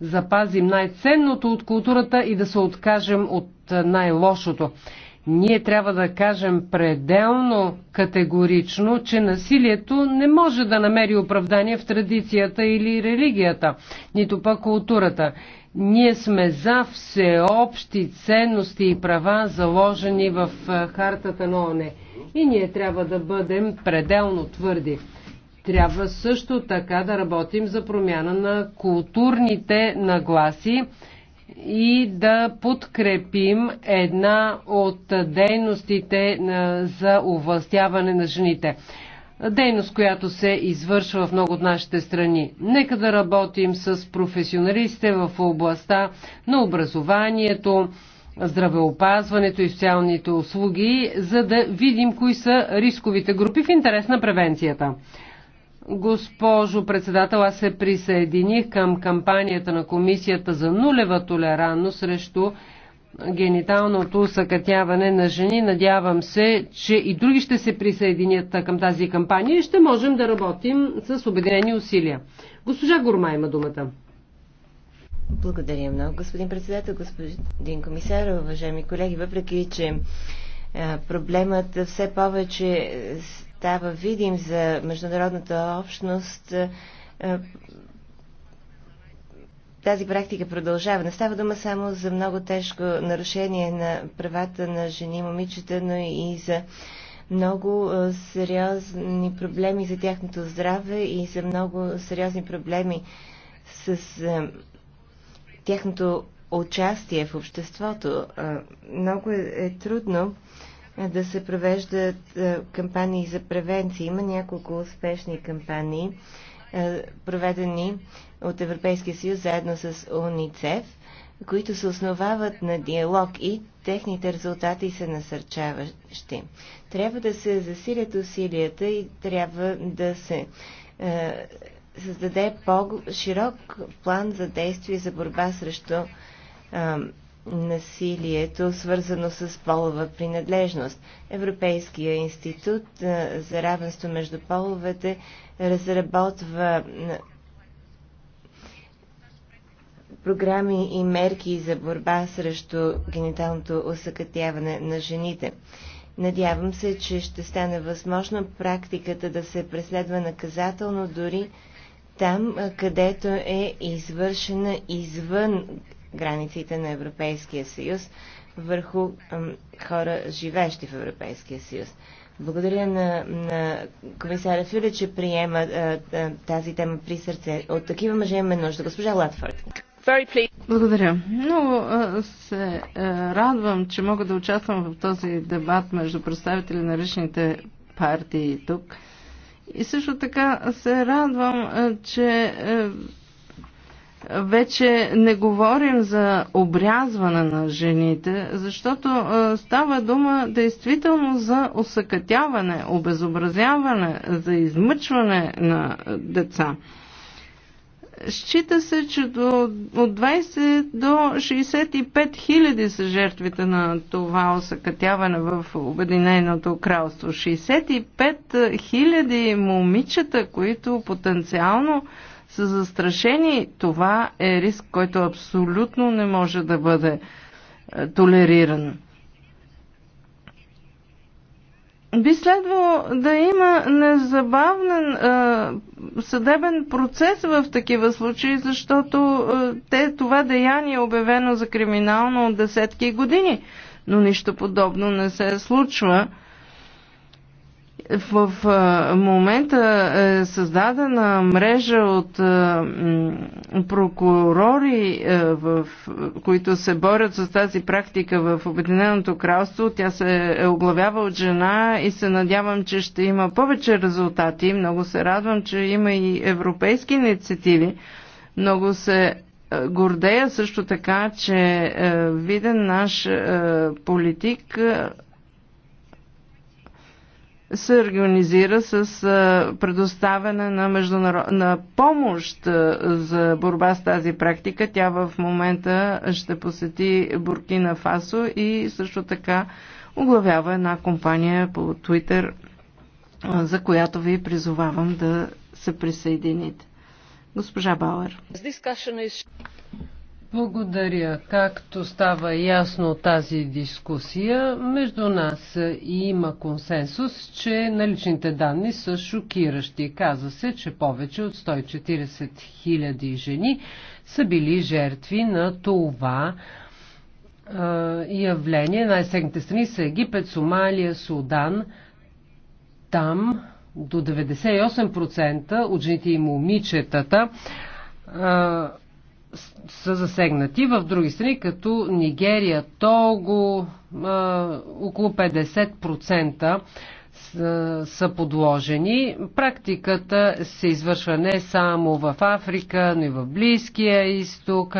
запазим най-ценното от културата и да се откажем от най-лошото. Ние трябва да кажем пределно категорично, че насилието не може да намери оправдание в традицията или религията, нито пък културата. Ние сме за всеобщи ценности и права, заложени в хартата на ОНЕ. И ние трябва да бъдем пределно твърди. Трябва също така да работим за промяна на културните нагласи и да подкрепим една от дейностите за овластяване на жените. Дейност, която се извършва в много от нашите страни. Нека да работим с професионалистите в областта на образованието, здравеопазването и социалните услуги, за да видим кои са рисковите групи в интерес на превенцията. Госпожо председател, аз се присъединих към кампанията на Комисията за нулева толерантност срещу гениталното съкътяване на жени. Надявам се, че и други ще се присъединят към тази кампания и ще можем да работим с обединени усилия. Госпожа Гурма има думата. Благодаря много, господин председател, господин комисар, уважаеми колеги. Въпреки, че е, проблемът все повече става видим за международната общност, е, е, тази практика продължава. Не става дума само за много тежко нарушение на правата на жени и момичета, но и за много е, сериозни проблеми за тяхното здраве и за много сериозни проблеми с тяхното участие в обществото. Много е трудно е, да се провеждат е, кампании за превенция. Има няколко успешни кампании, е, проведени от Европейския съюз заедно с ОНИЦЕФ, които се основават на диалог и техните резултати са насърчаващи. Трябва да се засилят усилията и трябва да се е, създаде по-широк план за действие за борба срещу насилието, свързано с полова принадлежност. Европейския институт за равенство между половете разработва програми и мерки за борба срещу гениталното осъкътяване на жените. Надявам се, че ще стане възможно практиката да се преследва наказателно дори там, където е извършена извън границите на Европейския съюз върху хора, живеещи в Европейския съюз. Благодаря на, на комисаря Фюле, че приема а, тази тема при сърце. От такива мъже имаме нужда. Госпожа Латфорд. Благодаря. Много се радвам, че мога да участвам в този дебат между представители на личните партии тук. И също така се радвам, че вече не говорим за обрязване на жените, защото е, става дума действително за осъкътяване, обезобразяване, за измъчване на деца. Счита се, че до, от 20 до 65 хиляди са жертвите на това осъкътяване в Обединеното кралство. 65 хиляди момичета, които потенциално са застрашени. Това е риск, който абсолютно не може да бъде е, толериран. Би следвало да има незабавен е, съдебен процес в такива случаи, защото е, те, това деяние е обявено за криминално от десетки години, но нищо подобно не се случва. В момента е създадена мрежа от прокурори, в, които се борят с тази практика в Обединеното кралство. Тя се е оглавява от жена и се надявам, че ще има повече резултати. Много се радвам, че има и европейски инициативи. Много се гордея също така, че виден наш политик се организира с предоставяне на, международ... на помощ за борба с тази практика. Тя в момента ще посети Буркина Фасо и също така оглавява една компания по Twitter, за която ви призовавам да се присъедините. Госпожа Бауер. Благодаря. Както става ясно тази дискусия, между нас има консенсус, че наличните данни са шокиращи. Каза се, че повече от 140 000 жени са били жертви на това явление. Най-сегните страни са Египет, Сомалия, Судан. Там до 98% от жените и момичетата са засегнати. В други страни, като Нигерия, Того, около 50% са, са подложени. Практиката се извършва не само в Африка, но и в Близкия изток,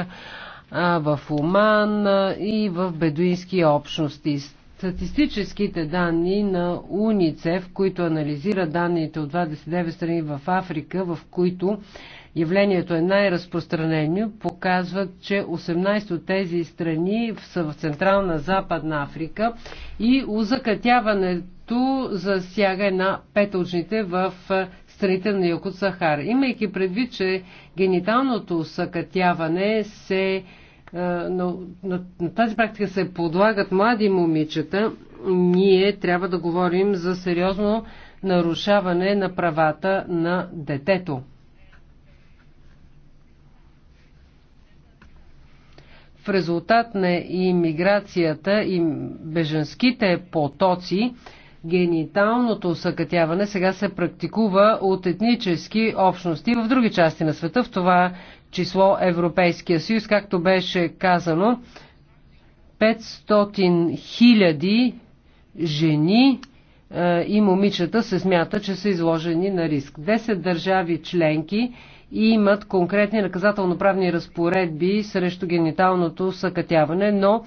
в Оман и в бедуински общности. Статистическите данни на УНИЦЕФ, които анализира данните от 29 страни в Африка, в които явлението е най-разпространено, показват, че 18 от тези страни са в Централна Западна Африка и узакатяването засяга една пета от жените в страните на Юкот Сахар. Имайки предвид, че гениталното усъкътяване се на, на, на тази практика се подлагат млади момичета, ние трябва да говорим за сериозно нарушаване на правата на детето. В резултат на иммиграцията и беженските потоци, гениталното усъкътяване сега се практикува от етнически общности в други части на света, в това число Европейския съюз, както беше казано, 500 хиляди жени е, и момичета се смята, че са изложени на риск. 10 държави членки имат конкретни наказателно-правни разпоредби срещу гениталното съкътяване, но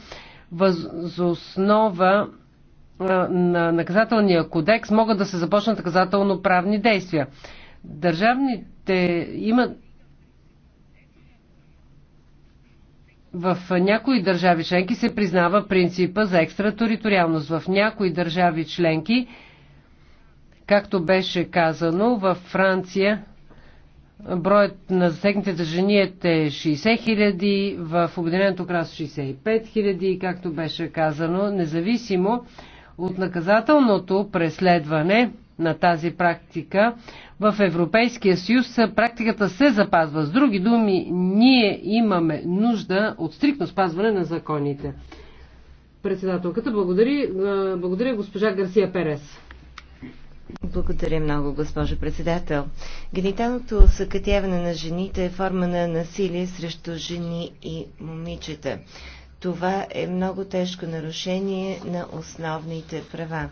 възоснова на наказателния кодекс могат да се започнат наказателно-правни действия. Държавните имат в някои държави членки се признава принципа за екстратериториалност. В някои държави членки, както беше казано, във Франция Броят на засегнатите жени е 60 хиляди, в Обединеното кралство 65 хиляди, както беше казано, независимо от наказателното преследване на тази практика в Европейския съюз практиката се запазва. С други думи, ние имаме нужда от стрикно спазване на законите. Председателката, благодари, благодаря госпожа Гарсия Перес. Благодаря много, госпожо председател. Гениталното съкътяване на жените е форма на насилие срещу жени и момичета. Това е много тежко нарушение на основните права.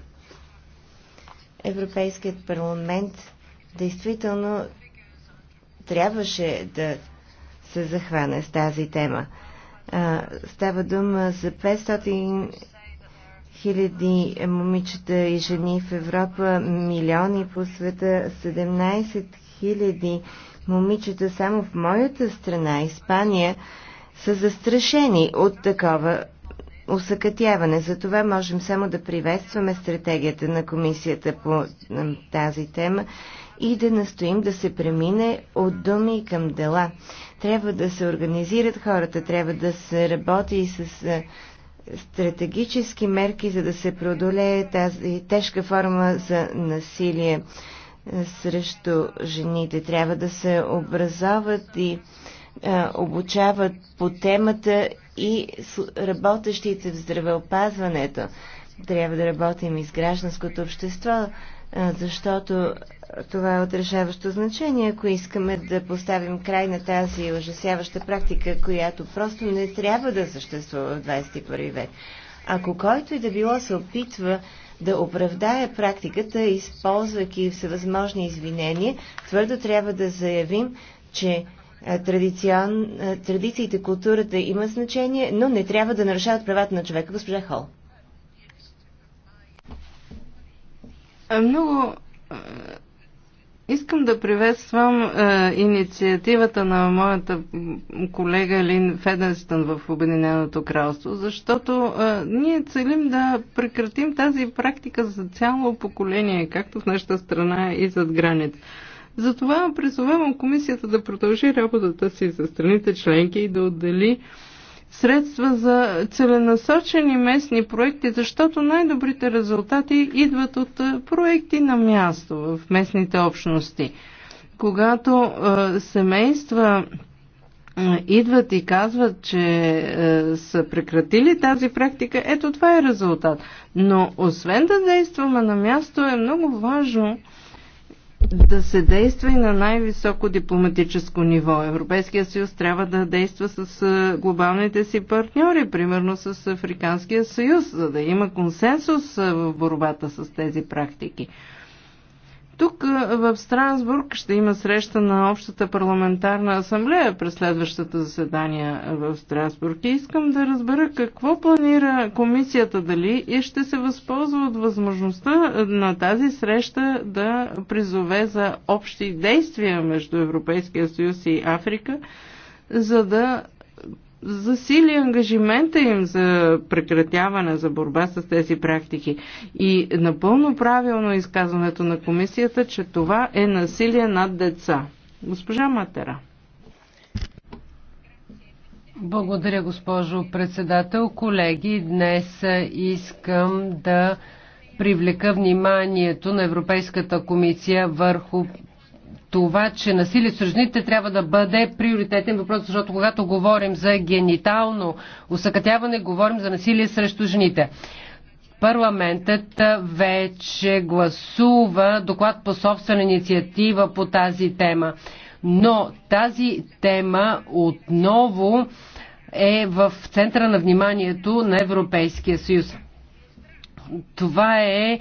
Европейският парламент действително трябваше да се захване с тази тема. Става дума за 500 хиляди момичета и жени в Европа, милиони по света, 17 хиляди момичета само в моята страна, Испания, са застрашени от такова усъкътяване. Затова можем само да приветстваме стратегията на комисията по тази тема и да настоим да се премине от думи към дела. Трябва да се организират хората, трябва да се работи и с е, стратегически мерки, за да се преодолее тази тежка форма за насилие е, срещу жените. Трябва да се образоват и а, е, обучават по темата и работещите в здравеопазването. Трябва да работим и с гражданското общество, защото това е отрешаващо значение, ако искаме да поставим край на тази ужасяваща практика, която просто не трябва да съществува в 21 век. Ако който и да било се опитва да оправдае практиката, използвайки всевъзможни извинения, твърдо трябва да заявим, че традицион, традициите, културата имат значение, но не трябва да нарушават правата на човека, госпожа Хол. Е, много е, искам да приветствам е, инициативата на моята колега Лин Федерстън в Обединеното кралство, защото ние целим да прекратим тази практика за цяло поколение, както в нашата страна и зад граница. Затова призовавам комисията да продължи работата си за страните членки и да отдели средства за целенасочени местни проекти, защото най-добрите резултати идват от проекти на място в местните общности. Когато семейства идват и казват, че е, са прекратили тази практика, ето това е резултат. Но освен да действаме на място, е много важно е, да се действа и на най-високо дипломатическо ниво. Европейския съюз трябва да действа с глобалните си партньори, примерно с Африканския съюз, за да има консенсус в борбата с тези практики. Тук в Страсбург ще има среща на Общата парламентарна асамблея през следващата заседание в Страсбург и искам да разбера какво планира комисията дали и ще се възползва от възможността на тази среща да призове за общи действия между Европейския съюз и Африка, за да засили ангажимента им за прекратяване, за борба с тези практики. И напълно правилно е изказването на комисията, че това е насилие над деца. Госпожа Матера. Благодаря, госпожо председател. Колеги, днес искам да привлека вниманието на Европейската комисия върху това, че насилие срещу жените трябва да бъде приоритетен въпрос, защото когато говорим за генитално усъкътяване, говорим за насилие срещу жените. Парламентът вече гласува доклад по собствена инициатива по тази тема. Но тази тема отново е в центъра на вниманието на Европейския съюз. Това е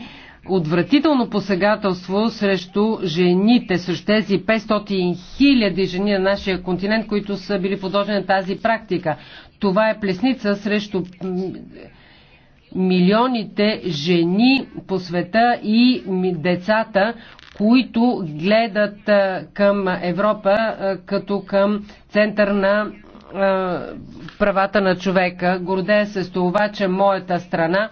отвратително посегателство срещу жените, срещу тези 500 хиляди жени на нашия континент, които са били подложени на тази практика. Това е плесница срещу милионите жени по света и децата, които гледат към Европа като към център на правата на човека. Гордея се с това, че моята страна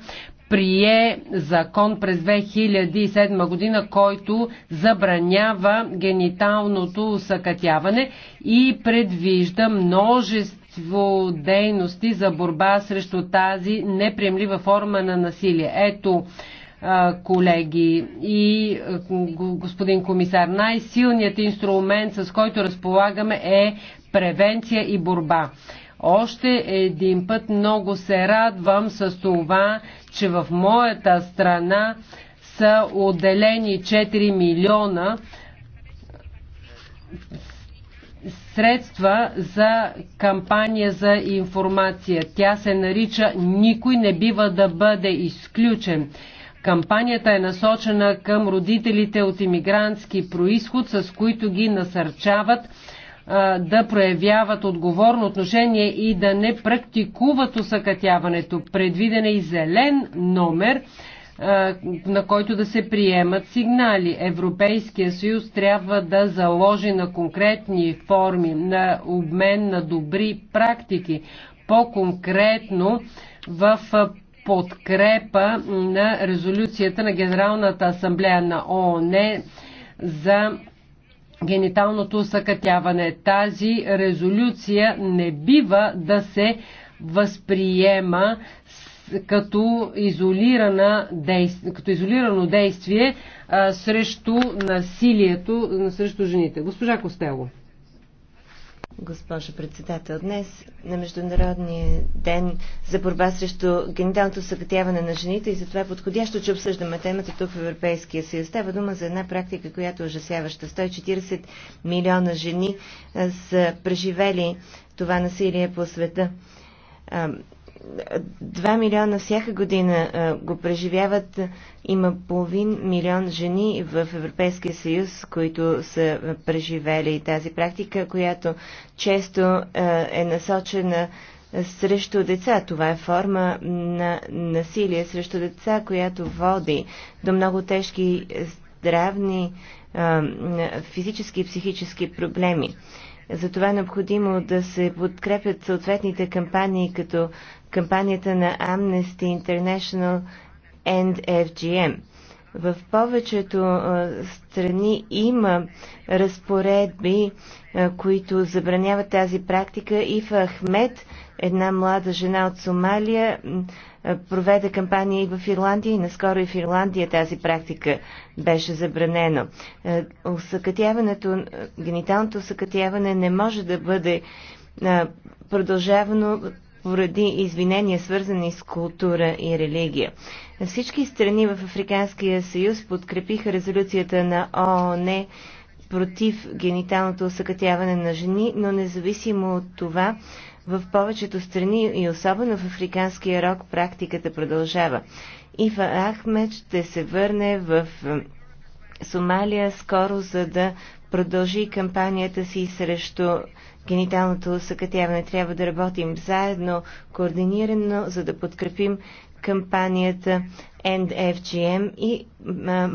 прие закон през 2007 година, който забранява гениталното усъкътяване и предвижда множество дейности за борба срещу тази неприемлива форма на насилие. Ето, колеги и господин комисар, най-силният инструмент, с който разполагаме е превенция и борба. Още един път много се радвам с това, че в моята страна са отделени 4 милиона средства за кампания за информация. Тя се нарича Никой не бива да бъде изключен. Кампанията е насочена към родителите от иммигрантски происход, с които ги насърчават да проявяват отговорно отношение и да не практикуват усъкътяването. Предвиден е и зелен номер, на който да се приемат сигнали. Европейския съюз трябва да заложи на конкретни форми на обмен на добри практики, по-конкретно в подкрепа на резолюцията на Генералната асамблея на ООН за гениталното съкътяване. Тази резолюция не бива да се възприема като, изолирана, като изолирано действие а, срещу насилието, срещу жените. Госпожа Костело госпожо председател. Днес на Международния ден за борба срещу гениталното съкътяване на жените и затова е подходящо, че обсъждаме темата тук в Европейския съюз. Става дума за една практика, която е ужасяваща. 140 милиона жени са преживели това насилие по света. 2 милиона всяка година а, го преживяват. Има половин милион жени в Европейския съюз, които са преживели тази практика, която често а, е насочена срещу деца. Това е форма на насилие срещу деца, която води до много тежки здравни, а, физически и психически проблеми. Затова е необходимо да се подкрепят съответните кампании като кампанията на Amnesty International and FGM. В повечето страни има разпоредби, които забраняват тази практика и в Ахмед, една млада жена от Сомалия, проведе кампания и в Ирландия и наскоро и в Ирландия тази практика беше забранено. Усъкътяването, гениталното усъкътяване не може да бъде продължавано поради извинения, свързани с култура и религия. Всички страни в Африканския съюз подкрепиха резолюцията на ООН против гениталното осъкътяване на жени, но независимо от това, в повечето страни и особено в Африканския рок практиката продължава. Ива Ахмед ще се върне в Сомалия скоро, за да продължи кампанията си срещу гениталното съкътяване. Трябва да работим заедно, координирано, за да подкрепим кампанията End FGM и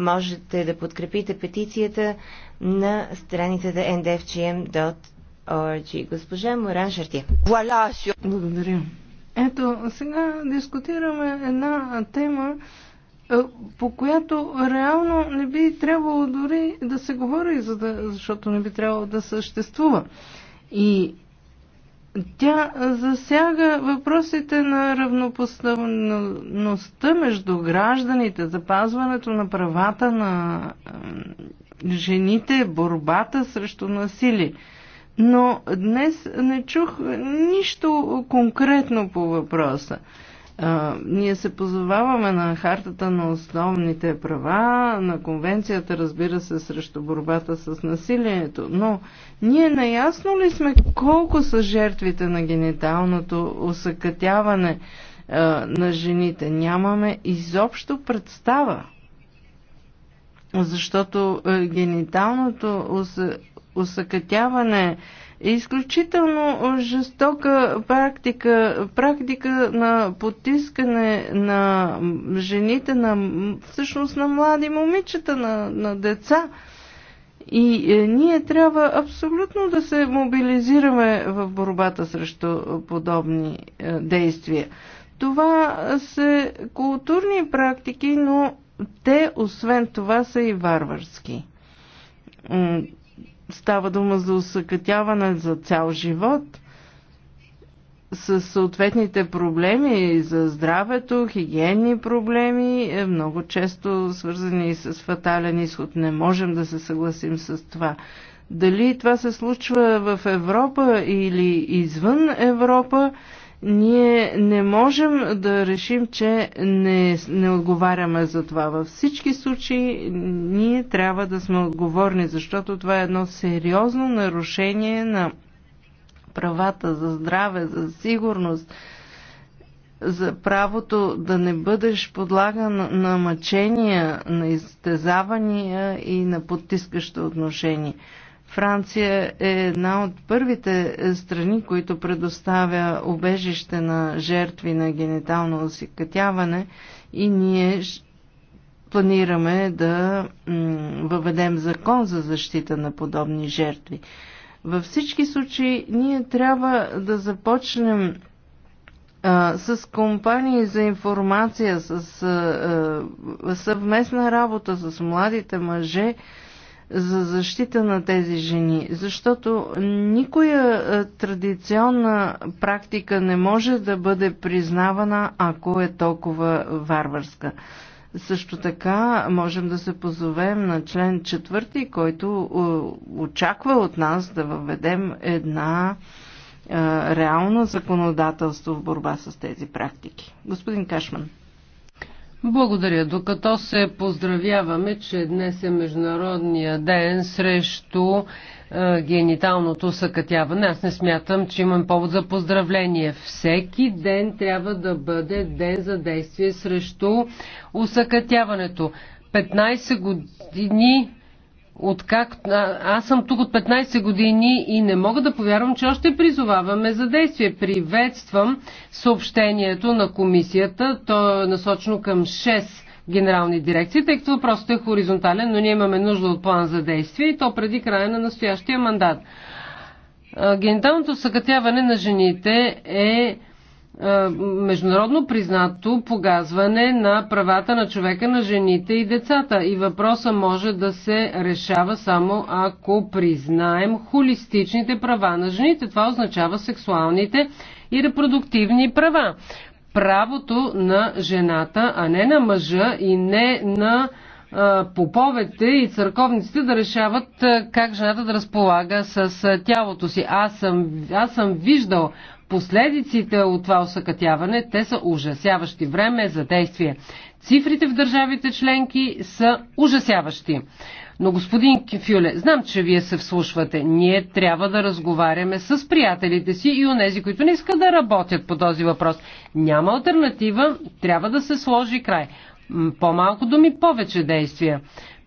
можете да подкрепите петицията на страницата endfgm.org. Госпожа Моран Шартия. Благодаря. Ето, сега дискутираме една тема, по която реално не би трябвало дори да се говори, защото не би трябвало да съществува. И тя засяга въпросите на равнопоставеността между гражданите, запазването на правата на жените, борбата срещу насилие. Но днес не чух нищо конкретно по въпроса. А, ние се позоваваме на хартата на основните права, на конвенцията, разбира се, срещу борбата с насилието, но ние наясно ли сме колко са жертвите на гениталното усъкътяване а, на жените? Нямаме изобщо представа, защото а, е, гениталното усъкътяване е изключително жестока практика, практика на потискане на жените, на, всъщност на млади момичета, на, на деца. И е, ние трябва абсолютно да се мобилизираме в борбата срещу подобни е, действия. Това са културни практики, но те освен това са и варварски Става дума за усъкътяване за цял живот с съответните проблеми за здравето, хигиенни проблеми, е много често свързани с фатален изход. Не можем да се съгласим с това. Дали това се случва в Европа или извън Европа, ние не можем да решим, че не, не отговаряме за това. Във всички случаи ние трябва да сме отговорни, защото това е едно сериозно нарушение на правата за здраве, за сигурност, за правото да не бъдеш подлаган на мъчения, на изтезавания и на потискащо отношение. Франция е една от първите страни, които предоставя обежище на жертви на генитално осикатяване и ние планираме да въведем закон за защита на подобни жертви. Във всички случаи ние трябва да започнем а, с компании за информация, с а, а, съвместна работа с младите мъже, за защита на тези жени, защото никоя е, традиционна практика не може да бъде признавана, ако е толкова варварска. Също така можем да се позовем на член 4, който е, очаква от нас да въведем една е, реална законодателство в борба с тези практики. Господин Кашман. Благодаря. Докато се поздравяваме, че днес е Международния ден срещу е, гениталното съкътяване, аз не смятам, че имам повод за поздравление. Всеки ден трябва да бъде ден за действие срещу усъкътяването. 15 години Откак... Аз съм тук от 15 години и не мога да повярвам, че още призоваваме за действие. Приветствам съобщението на комисията. То е насочено към 6 генерални дирекции, тъй като въпросът е хоризонтален, но ние имаме нужда от план за действие и то преди края на настоящия мандат. Гениталното съкътяване на жените е е, международно признато погазване на правата на човека, на жените и децата. И въпроса може да се решава само ако признаем холистичните права на жените. Това означава сексуалните и репродуктивни права. Правото на жената, а не на мъжа и не на е, поповете и църковниците да решават е, как жената да разполага с тялото си. Аз съм, аз съм виждал Последиците от това осъкътяване, те са ужасяващи. Време е за действие. Цифрите в държавите членки са ужасяващи. Но господин Кифюле, знам, че вие се вслушвате. Ние трябва да разговаряме с приятелите си и онези, които не искат да работят по този въпрос. Няма альтернатива, трябва да се сложи край. По-малко думи, повече действия.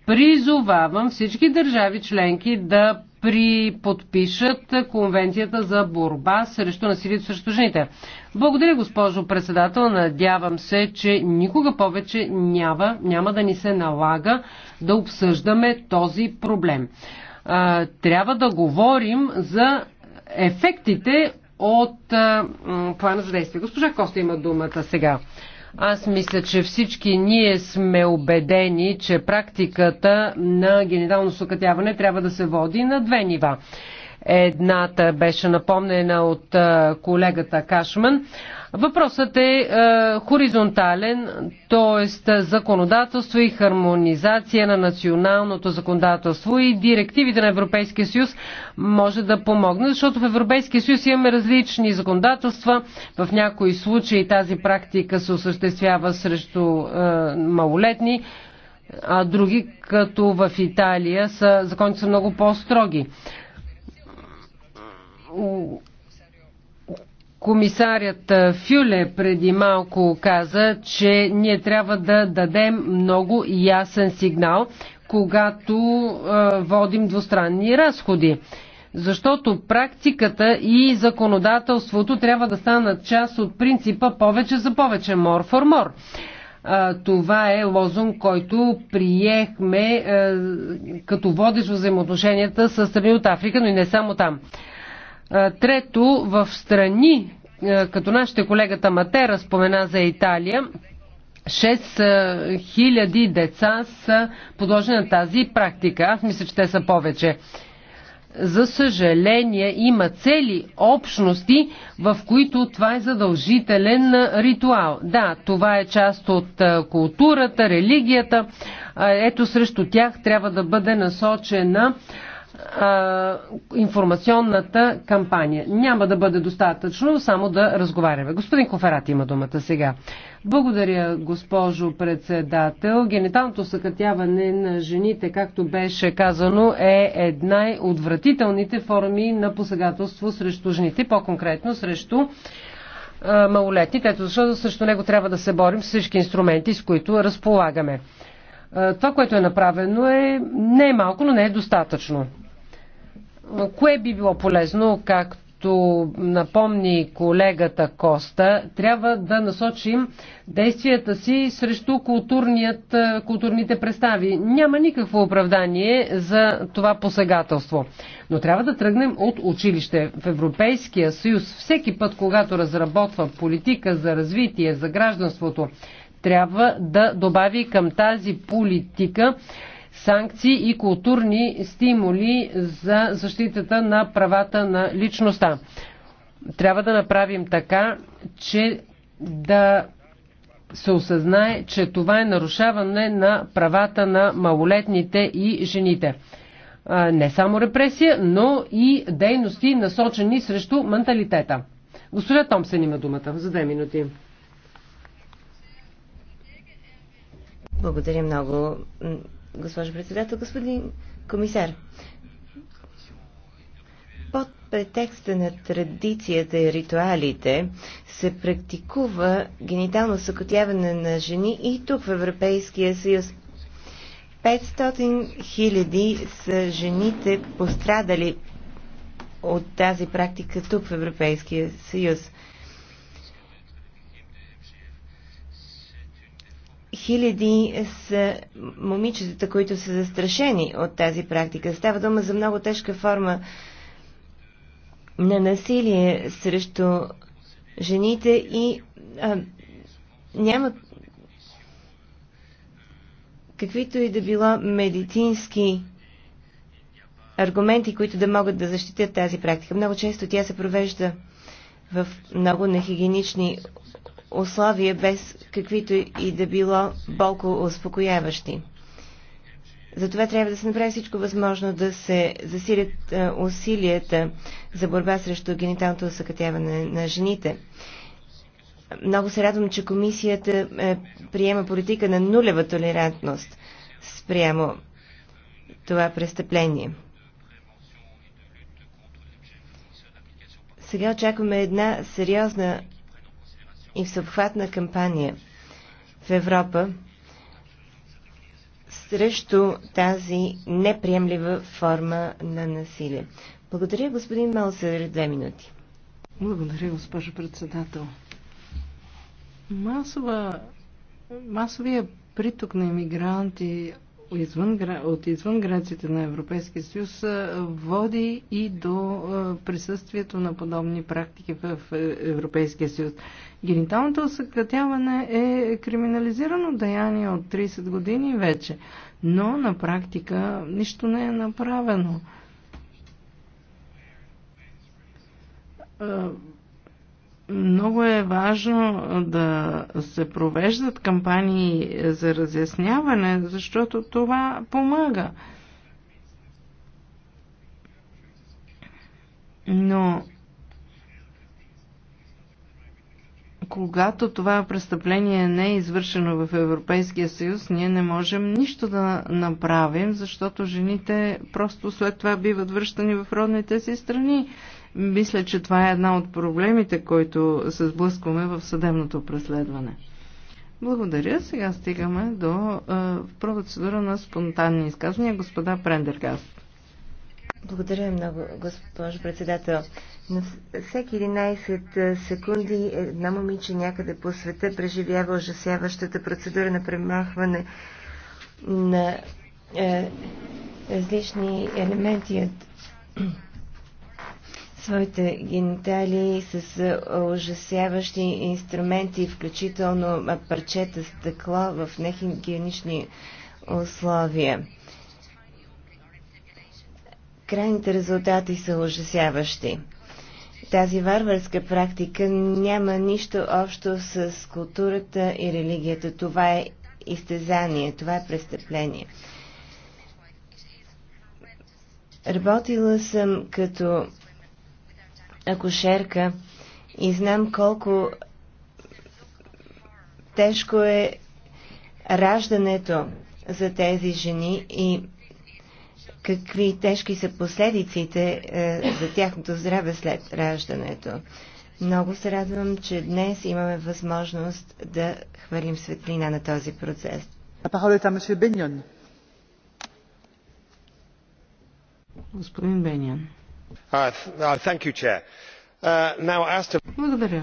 Призовавам всички държави членки да при подпишат конвенцията за борба срещу насилието срещу жените. Благодаря, госпожо председател. Надявам се, че никога повече няма, няма да ни се налага да обсъждаме този проблем. Трябва да говорим за ефектите от плана за действие. Госпожа Коста има думата сега. Аз мисля, че всички ние сме убедени, че практиката на генитално сукътяване трябва да се води на две нива. Едната беше напомнена от колегата Кашман, Въпросът е, е хоризонтален, т.е. законодателство и хармонизация на националното законодателство и директивите на Европейския съюз може да помогне, защото в Европейския съюз имаме различни законодателства. В някои случаи тази практика се осъществява срещу е, малолетни, а други, като в Италия, са, законите са много по-строги Комисарят Фюле преди малко каза, че ние трябва да дадем много ясен сигнал, когато водим двустранни разходи. Защото практиката и законодателството трябва да станат част от принципа повече за повече, more for more. Това е лозунг, който приехме като водиш взаимоотношенията с страни от Африка, но и не само там. Трето, в страни, като нашите колегата Матера спомена за Италия, 6000 деца са подложени на тази практика. Аз мисля, че те са повече. За съжаление, има цели общности, в които това е задължителен ритуал. Да, това е част от културата, религията. Ето срещу тях трябва да бъде насочена а, информационната кампания. Няма да бъде достатъчно само да разговаряме. Господин Коферат има думата сега. Благодаря, госпожо председател. Гениталното съкътяване на жените, както беше казано, е една от вратителните форми на посегателство срещу жените, по-конкретно срещу а, малолетните. Ето защото срещу него трябва да се борим с всички инструменти, с които разполагаме. Това, което е направено е не е малко, но не е достатъчно. Кое би било полезно, както напомни колегата Коста, трябва да насочим действията си срещу е, културните представи. Няма никакво оправдание за това посегателство. Но трябва да тръгнем от училище. В Европейския съюз всеки път, когато разработва политика за развитие, за гражданството, трябва да добави към тази политика санкции и културни стимули за защитата на правата на личността. Трябва да направим така, че да се осъзнае, че това е нарушаване на правата на малолетните и жените. Не само репресия, но и дейности насочени срещу менталитета. Господа Томсен има думата за две минути. Благодаря много госпожо председател. Господин комисар, под претекста на традицията и ритуалите се практикува генитално съкотяване на жени и тук в Европейския съюз. 500 хиляди са жените пострадали от тази практика тук в Европейския съюз. хиляди са момичетата, които са застрашени от тази практика. Става дума за много тежка форма на насилие срещу жените и а, нямат каквито и да било медицински аргументи, които да могат да защитят тази практика. Много често тя се провежда в много нехигиенични условия, без каквито и да било болко успокояващи. Затова трябва да се направи всичко възможно да се засилят е, усилията за борба срещу гениталното усъкътяване на жените. Много се радвам, че комисията е, приема политика на нулева толерантност спрямо това престъпление. Сега очакваме една сериозна и всеобхватна кампания в Европа срещу тази неприемлива форма на насилие. Благодаря, господин Малсер, две минути. Благодаря, госпожо председател. Масова, масовия приток на иммигранти извън, от извън границите на Европейския съюз води и до присъствието на подобни практики в е, Европейския съюз. Гениталното съкратяване е криминализирано деяние от 30 години вече, но на практика нищо не е направено много е важно да се провеждат кампании за разясняване, защото това помага. Но когато това престъпление не е извършено в Европейския съюз, ние не можем нищо да направим, защото жените просто след това биват връщани в родните си страни. Мисля, че това е една от проблемите, които се сблъскваме в съдебното преследване. Благодаря. Сега стигаме до е, процедура на спонтанни изказвания. Господа Прендергаст. Благодаря много, госпожо председател. На всеки 11 секунди една момиче някъде по света преживява ужасяващата процедура на премахване на е, различни елементи от своите гениталии с ужасяващи инструменти, включително парчета стъкло в нехигиенични условия. Крайните резултати са ужасяващи. Тази варварска практика няма нищо общо с културата и религията. Това е изтезание, това е престъпление. Работила съм като акушерка и знам колко тежко е раждането за тези жени и какви тежки са последиците е, за тяхното здраве след раждането. Много се радвам, че днес имаме възможност да хвърлим светлина на този процес. Господин Беньон. Uh, Благодаря.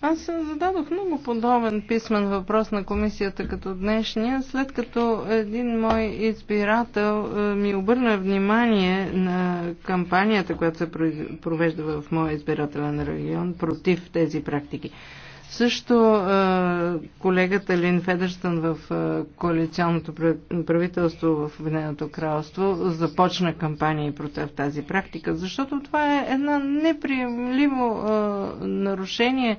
Аз зададох много подобен писмен въпрос на комисията като днешния, след като един мой избирател е, ми обърна внимание на кампанията, която се провежда в моя избирателен регион против тези практики. Също колегата Лин Федерстън в коалиционното правителство в Обединеното кралство започна кампания против тази практика, защото това е едно неприемливо нарушение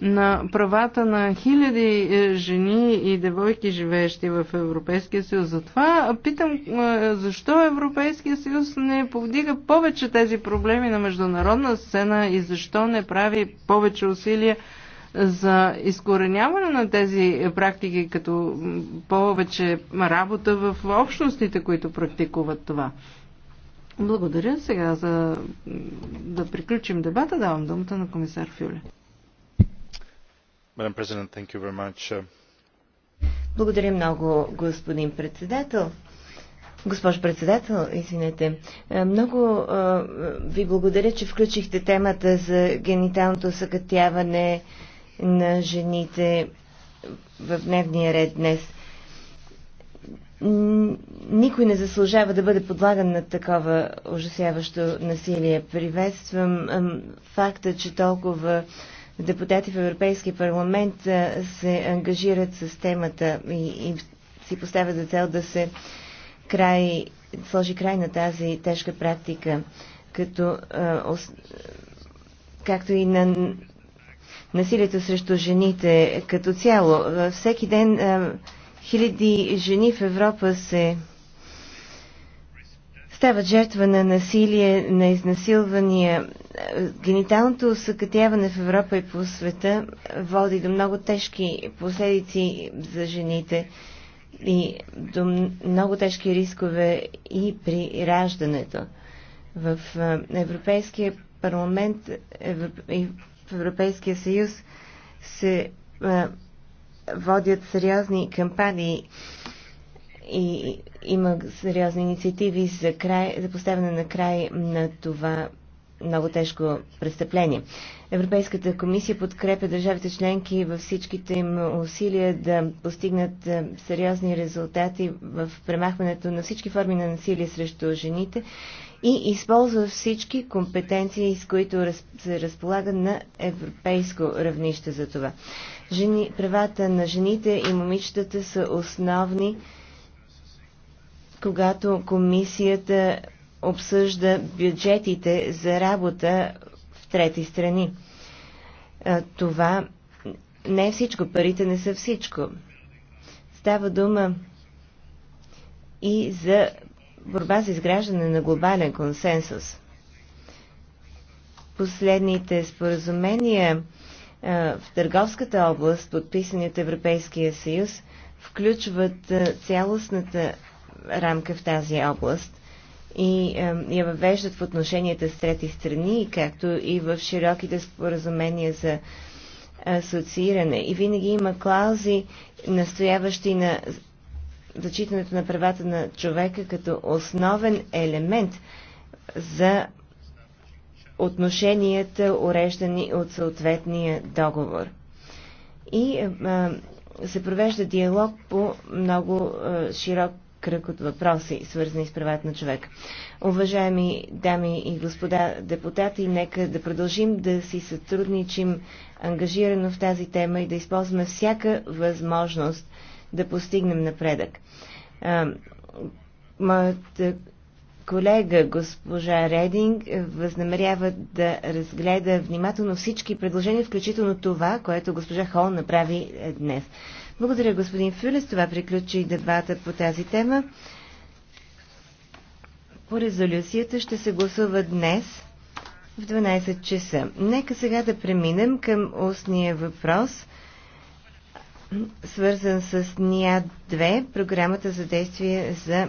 на правата на хиляди е, жени и девойки, живеещи в Европейския съюз. Затова питам, защо Европейския съюз не повдига повече тези проблеми на международна сцена и защо не прави повече усилия за изкореняване на тези практики, като повече работа в общностите, които практикуват това. Благодаря. Сега за да приключим дебата, давам думата на комисар Фюле. Благодаря много, господин председател. Госпожо председател, извинете. Е, много е, ви благодаря, че включихте темата за гениталното съкътяване на жените в дневния ред днес. Никой не заслужава да бъде подлаган на такова ужасяващо насилие. Приветствам факта, че толкова депутати в Европейския парламент се ангажират с темата и, и си поставят за цел да се край, сложи край на тази тежка практика, като, както и на насилието срещу жените като цяло. Е, всеки ден е, хиляди жени в Европа се стават жертва на насилие, на изнасилвания. Е, гениталното съкътяване в Европа и по света води до много тежки последици за жените и до много тежки рискове и при раждането. В Европейския парламент и в Европейския съюз се а, водят сериозни кампании и има сериозни инициативи за, край, за поставяне на край на това много тежко престъпление. Европейската комисия подкрепя държавите членки във всичките им усилия да постигнат е, сериозни резултати в премахването на всички форми на насилие срещу жените и използва всички компетенции, с които се разполага на европейско равнище за това. Жени, правата на жените и момичетата са основни, когато комисията обсъжда бюджетите за работа в трети страни. Това не е всичко. Парите не са всичко. Става дума и за борба за изграждане на глобален консенсус. Последните споразумения в търговската област, подписани от Европейския съюз, включват цялостната рамка в тази област и я въвеждат в отношенията с трети страни, както и в широките споразумения за асоцииране. И винаги има клаузи, настояващи на зачитането на правата на човека като основен елемент за отношенията, уреждани от съответния договор. И е, се провежда диалог по много е, широк кръг от въпроси, свързани с правата на човека. Уважаеми дами и господа депутати, нека да продължим да си сътрудничим ангажирано в тази тема и да използваме всяка възможност да постигнем напредък. Моят колега госпожа Рединг възнамерява да разгледа внимателно всички предложения, включително това, което госпожа Хол направи днес. Благодаря, господин Фюлес. Това приключи дебата по тази тема. По резолюцията ще се гласува днес в 12 часа. Нека сега да преминем към устния въпрос, свързан с НИА-2, програмата за действие за